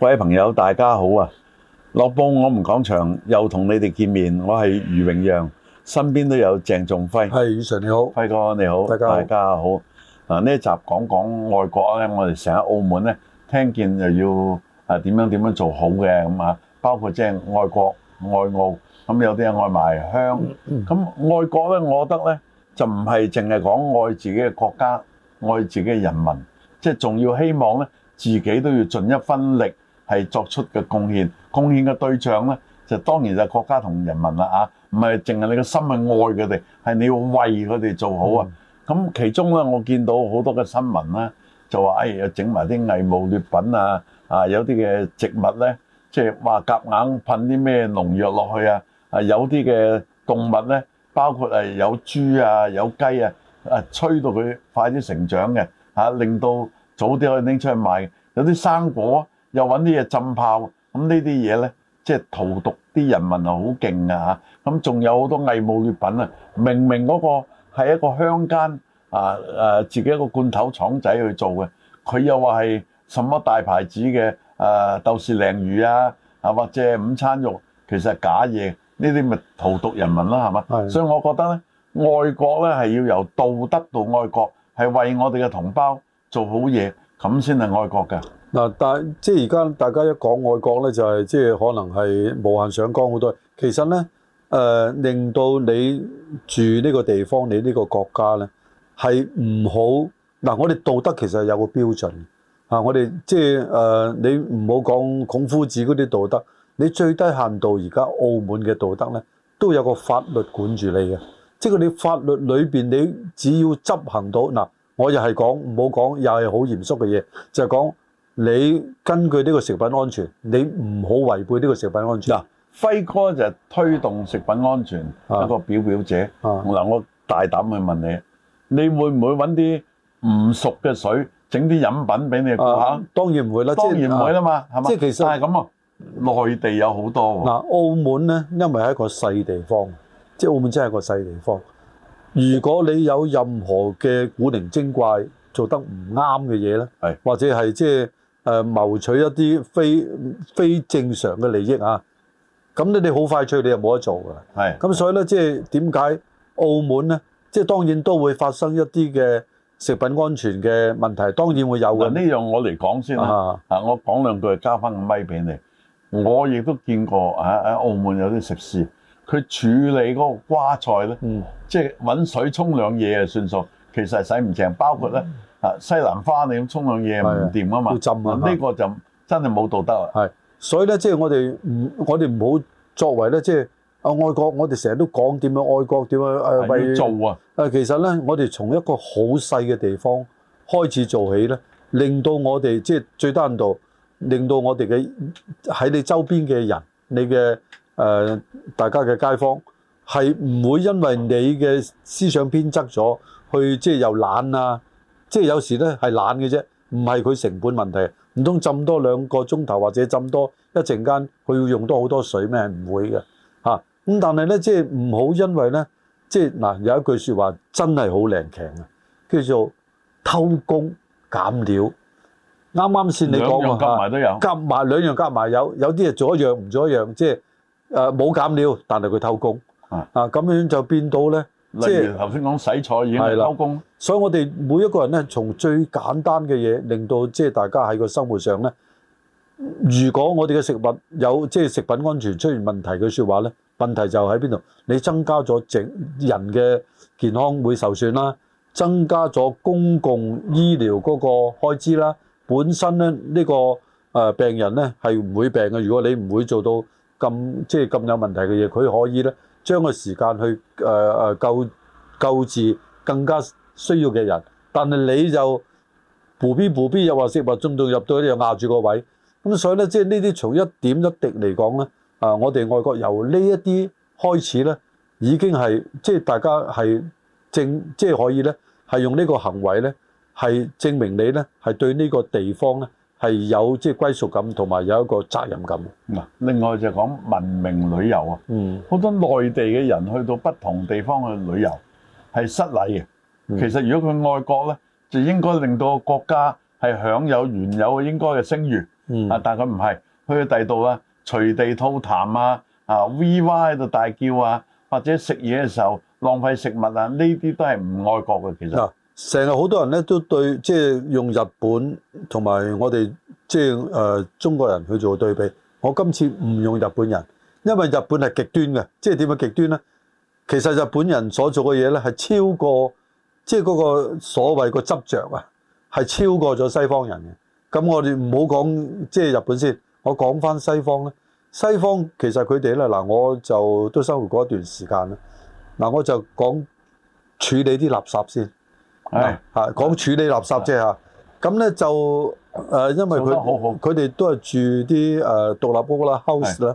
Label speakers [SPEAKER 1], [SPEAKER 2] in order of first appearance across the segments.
[SPEAKER 1] 各位朋友，大家好啊！樂報我們講場，又同你哋見面，我係余榮讓，身邊都有鄭仲輝。係，榮讓你好，輝哥你好，大家好。嗱呢一集講講愛國咧，我哋成日喺澳門咧，聽見又要誒點樣點樣做好嘅咁啊，包括即係愛國愛澳，咁有啲啊愛埋鄉。咁愛國咧，我覺得咧就唔係淨係講愛自己嘅國家，愛自己嘅人民，即係仲要希望咧自己都要盡一分力。係作出嘅貢獻，貢獻嘅對象咧就當然就國家同人民啦啊！唔係淨係你嘅心去愛佢哋，係你要為佢哋做好啊！咁其中咧，我見到好多嘅新聞咧，就話誒，整埋啲偽冒劣品啊！啊，有啲嘅植物咧，即係話夾硬噴啲咩農藥落去啊！啊，有啲嘅動物咧，包括係有豬啊、有雞啊，啊，催到佢快啲成長嘅嚇，令到早啲可以拎出去賣。有啲生果。又揾啲嘢浸泡，咁呢啲嘢呢，即係荼毒啲人民啊好勁噶，咁仲有好多偽冒劣品啊！明明嗰個係一個鄉間啊,啊自己一個罐頭廠仔去做嘅，佢又話係什麼大牌子嘅誒、啊、豆豉鯪魚啊啊，或者午餐肉，其實係假嘢，呢啲咪荼毒人民啦，係嘛？是的 所以我覺得呢，愛國呢係要由道德到愛國，係為我哋嘅同胞做好嘢，咁先係愛國嘅。
[SPEAKER 2] 嗱，大、啊、即係而家大家一講外國咧，就係、是、即可能係無限上綱好多。其實咧，誒、呃、令到你住呢個地方，你呢個國家咧係唔好嗱、啊。我哋道德其實有個標準、啊、我哋即係你唔好講孔夫子嗰啲道德，你最低限度而家澳門嘅道德咧都有個法律管住你嘅。即係你法律裏面，你只要執行到嗱、啊，我又係講唔好講，又係好嚴肅嘅嘢，就係、是、講。你根據呢個食品安全，你唔好違背呢個食品安全。嗱，輝哥就係推動食品安全一個表表者。
[SPEAKER 1] 嗱，我大膽去問你，你會唔會揾啲唔熟嘅水整啲飲品俾你？嚇，當
[SPEAKER 2] 然唔會啦。當然唔會啦嘛，係嘛？即係其
[SPEAKER 1] 實，但係咁啊，內地有好多喎。嗱，
[SPEAKER 2] 澳門咧，因為係一個細地方，即係澳門真係一個細地方。如果你有任何嘅古靈精怪做得唔啱嘅嘢咧，係，或者係即係。誒謀、呃、取一啲非非正常嘅利益啊！咁你哋好快脆，你就冇得做㗎。係是。咁所以咧，即係點解澳門咧，即係當然都會發生一啲嘅食品安全嘅問題，當然會有㗎。呢樣、啊這個、我嚟講先啦。啊，我講兩句，加翻個咪俾你。我
[SPEAKER 1] 亦都見過啊！喺澳門有啲食肆，佢處理嗰個瓜菜咧，嗯、即係揾水沖兩嘢啊，算數。其實洗唔淨，包括咧。嗯啊！西蘭花你咁沖涼夜唔掂啊嘛，要浸啊！呢個就真係冇道德啊。係，
[SPEAKER 2] 所以咧，即係我哋唔，我哋唔好作為咧，即係啊愛國,我愛國，我哋成日都講點樣愛國，點樣誒為做啊？其實咧，我哋從一個好細嘅地方開始做起咧，令到我哋即係最低限度，令到我哋嘅喺你周邊嘅人，你嘅、呃、大家嘅街坊係唔會因為你嘅思想偏執咗去即係又懶啊！即係有時咧係懶嘅啫，唔係佢成本問題。唔通浸多兩個鐘頭或者浸多一陣間，佢要用多好多水咩？唔會嘅嚇。咁、啊、但係咧，即係唔好因為咧，即係嗱、啊、有一句説話真係好靚頸嘅，叫做偷工減料。啱啱先你講夾埋都有，夾埋、啊、兩樣夾埋有，有啲嘢做一樣唔做一樣，即係誒冇減料，但係佢偷工啊，咁樣就變到咧。例如頭先講洗菜已經收工，即係，所以我哋每一個人咧，從最簡單嘅嘢，令到即係大家喺個生活上咧，如果我哋嘅食物有即係食品安全出現問題嘅説話，話呢問題就喺邊度？你增加咗整人嘅健康會受損啦，增加咗公共醫療嗰個開支啦，本身咧呢、呢個誒病人呢係唔會病嘅。如果你唔會做到咁即係咁有問題嘅嘢，佢可以呢。將個時間去誒誒救救治更加需要嘅人，但係你就 bull 逼 bull 逼又話食物中毒入到去，又壓住個位，咁所以咧，即係呢啲從一點一滴嚟講咧，啊，我哋外國由呢一啲開始咧，已經係即係大家係正，即係可以咧係用呢個行為咧係證明你咧係對呢個地方咧。係有即係歸屬感，同埋有一個責任感。嗱，
[SPEAKER 1] 另外就講文明旅遊啊。嗯，好多內地嘅人去到不同地方去旅遊係失禮嘅。嗯、其實如果佢愛國咧，就應該令到國家係享有原有應該嘅聲譽。嗯、啊，但佢唔係去第度啊，隨地吐痰啊，啊，VY 喺度大叫啊，或者食嘢嘅時候浪費食物啊，呢啲都係唔愛國嘅，其
[SPEAKER 2] 實。啊成日好多人咧都對，即係用日本同埋我哋即係誒中國人去做對比。我今次唔用日本人，因為日本係極端嘅，即係點樣極端呢？其實日本人所做嘅嘢呢係超過，即係嗰個所謂個執着啊，係超過咗西方人嘅。咁我哋唔好講即係日本先，我講翻西方呢，西方其實佢哋咧嗱，我就都生活過一段時間啦。嗱，我就講處理啲垃圾先。係，啊，講處理垃圾啫嚇，咁咧就誒，因為佢佢哋都係住啲誒獨立屋啦，house 啦，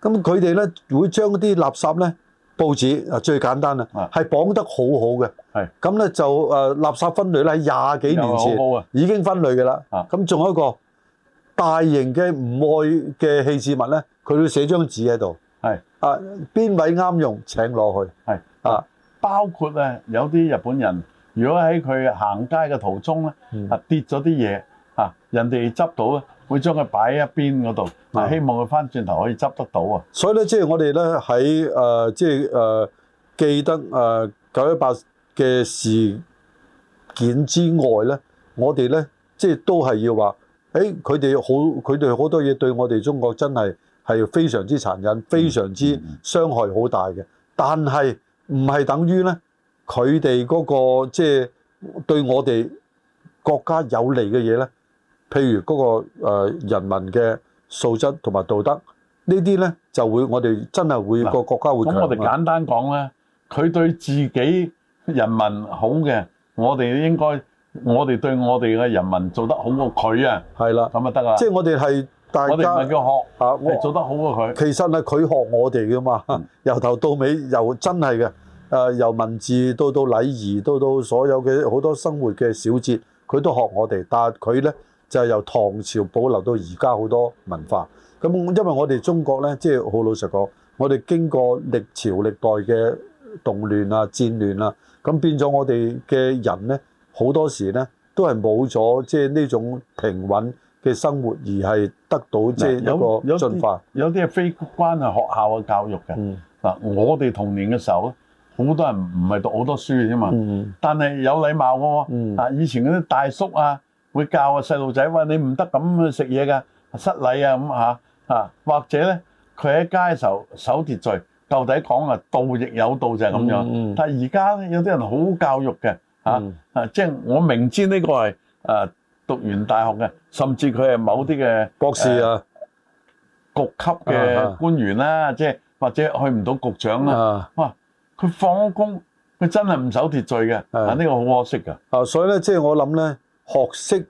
[SPEAKER 2] 咁佢哋咧會將啲垃圾咧，報紙啊最簡單啦，係綁得好好嘅，係，咁咧就誒垃圾分類咧，廿幾年前已經分類嘅啦，咁仲有一個大型嘅唔愛嘅棄置物咧，佢會寫張紙喺度，係，啊，邊位啱用請落去，係，啊，
[SPEAKER 1] 包括咧有啲日本人。如果喺佢行街嘅途中咧，啊，跌咗啲嘢嚇，人哋執到咧，會將佢擺喺一邊嗰度，啊、嗯、希望佢翻轉頭可以執得到啊。
[SPEAKER 2] 所以咧，即係我哋咧喺誒，即係誒記得誒九一八嘅事件之外咧，我哋咧即係都係要話，誒佢哋好，佢哋好多嘢對我哋中國真係係非常之殘忍，非常之傷害好大嘅。嗯嗯、但係唔係等於咧，佢哋嗰個即係、就是、對我哋國家有利嘅嘢咧，譬如嗰、那個、呃、人民嘅素質同埋道德呢啲咧，就會我哋真係會喏個國家會強咁、啊、我哋簡單講咧，佢
[SPEAKER 1] 對自己人民好嘅，我哋應該我哋對我哋嘅人民做得好過佢的啊。係啦，咁啊得啦。即係我哋係大家唔係要學
[SPEAKER 2] 啊，我哋做得好過佢。其實係佢學我哋噶嘛，由頭到尾，又真係嘅。誒、啊、由文字到到禮儀，到到所有嘅好多生活嘅小節，佢都學我哋。但係佢呢，就係由唐朝保留到而家好多文化。咁、嗯、因為我哋中國呢，即係好老實講，我哋經過歷朝歷代嘅動亂啊、戰亂啊，咁變咗我哋嘅人呢，好多時呢都係冇咗即係呢種平穩嘅生活，而係得到即係一個進化。
[SPEAKER 1] 有啲係非關係學校嘅教育嘅。嗱、嗯，我哋童年嘅時候咧。好多人唔係讀好多書嘅啫嘛，但係有禮貌嘅喎。啊，以前嗰啲大叔啊，會教啊細路仔話：你唔得咁去食嘢㗎，失禮啊咁嚇啊。或者咧，佢喺街嘅時候守秩序，究竟講啊盜亦有道就係咁樣。但係而家咧，有啲人好教育嘅嚇啊，即係我明知呢個係誒讀完大學嘅，甚至佢係某啲嘅博士啊局級嘅官員啦，即係或者去唔到局長啦哇。佢放工，佢
[SPEAKER 2] 真係唔守秩序
[SPEAKER 1] 嘅，啊呢個好可惜噶。
[SPEAKER 2] 啊，所以咧，即係我諗咧，學識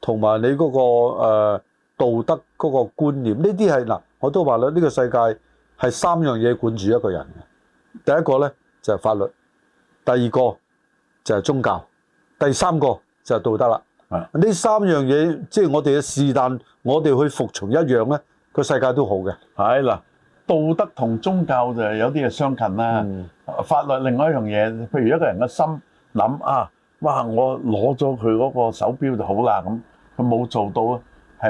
[SPEAKER 2] 同埋你嗰個誒道德嗰個觀念，呢啲係嗱，我都話啦，呢個世界係三樣嘢管住一個人嘅。第一個咧就係法律，第二個就係宗教，第三個就係道德啦。啊，呢三樣嘢即係我哋嘅是但，我哋去服從一樣咧，個世界都好嘅。
[SPEAKER 1] 係嗱。道德同宗教就有啲嘢相近啦。法律另外一樣嘢，譬如一個人嘅心諗啊，哇，我攞咗佢嗰個手錶就好啦咁，佢冇做到，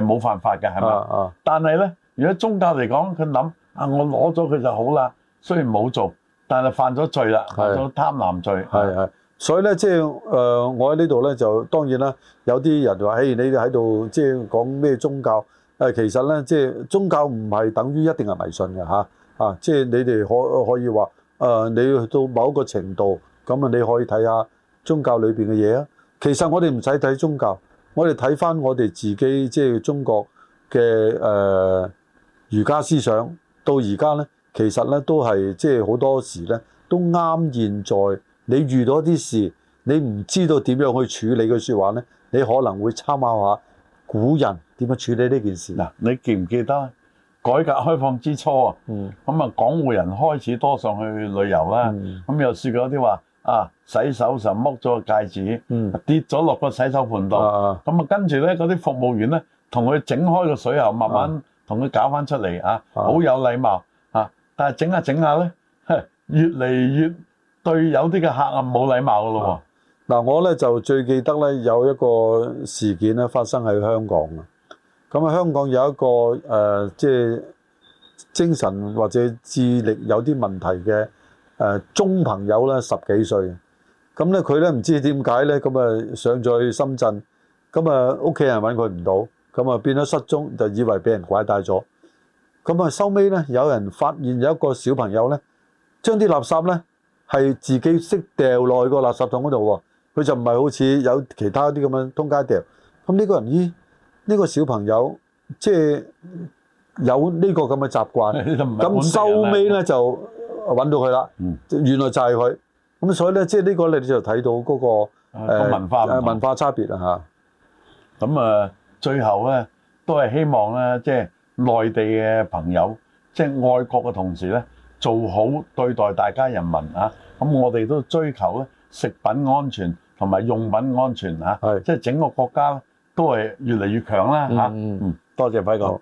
[SPEAKER 1] 係冇犯法嘅，係嘛？啊！但係咧，如果宗教嚟講，佢諗啊，我攞咗佢就好啦，雖然冇做，但係犯咗罪啦，犯咗
[SPEAKER 2] 貪婪罪。係係，所以咧，即係誒，我喺呢度咧就當然啦，有啲人話，誒，你喺度即係講咩宗教？誒其實咧，即係宗教唔係等於一定係迷信嘅吓，啊，即係你哋可可以話，誒，你到某一個程度，咁啊，你可以睇下宗教裏邊嘅嘢啊。其實我哋唔使睇宗教，我哋睇翻我哋自己即係中國嘅誒儒家思想。到而家咧，其實咧都係即係好多時咧都啱。現在你遇到啲事，你唔知道點樣去處理嘅說話咧，你可能會參考下。古人點樣處理呢件事？嗱，你記唔記得改革開
[SPEAKER 1] 放之初啊？咁啊，港澳人開始多上去旅遊啦。咁又試過啲話啊，洗手時候剝咗個戒指，跌咗落個洗手盆度。咁啊，跟住咧，嗰啲服務員咧，同佢整開個水喉，慢慢同佢搞翻出嚟啊，好有禮貌啊。但係整下整下咧，越嚟越對有啲嘅客人冇禮貌咯喎。
[SPEAKER 2] 嗱，我咧就最記得咧有一個事件咧發生喺香港啊！咁啊，香港有一個誒，即、呃、係、就是、精神或者智力有啲問題嘅誒、呃、中朋友咧，十幾歲。咁咧佢咧唔知點解咧，咁啊上咗去深圳，咁啊屋企人搵佢唔到，咁啊變咗失蹤，就以為俾人拐帶咗。咁啊收尾咧，有人發現有一個小朋友咧，將啲垃圾咧係自己識掉落去個垃圾桶嗰度喎。佢就唔係好似有其他啲咁樣的通街掉，咁呢個人呢？呢、呢個小朋友即係有呢個咁嘅習慣。咁收尾咧就揾到佢啦。嗯、原來就係佢。咁所以咧，即係呢個你哋就睇到嗰、嗰個文化、啊、文化差別啊吓
[SPEAKER 1] 咁啊，最後咧都係希望咧，即係內地嘅朋友，即係愛國嘅同時咧，做好對待大家人民啊。咁我哋都追求咧食品安全。同埋用品安全嚇，即係是整個國家都係越嚟越強啦。嗯，嗯，多謝輝哥。嗯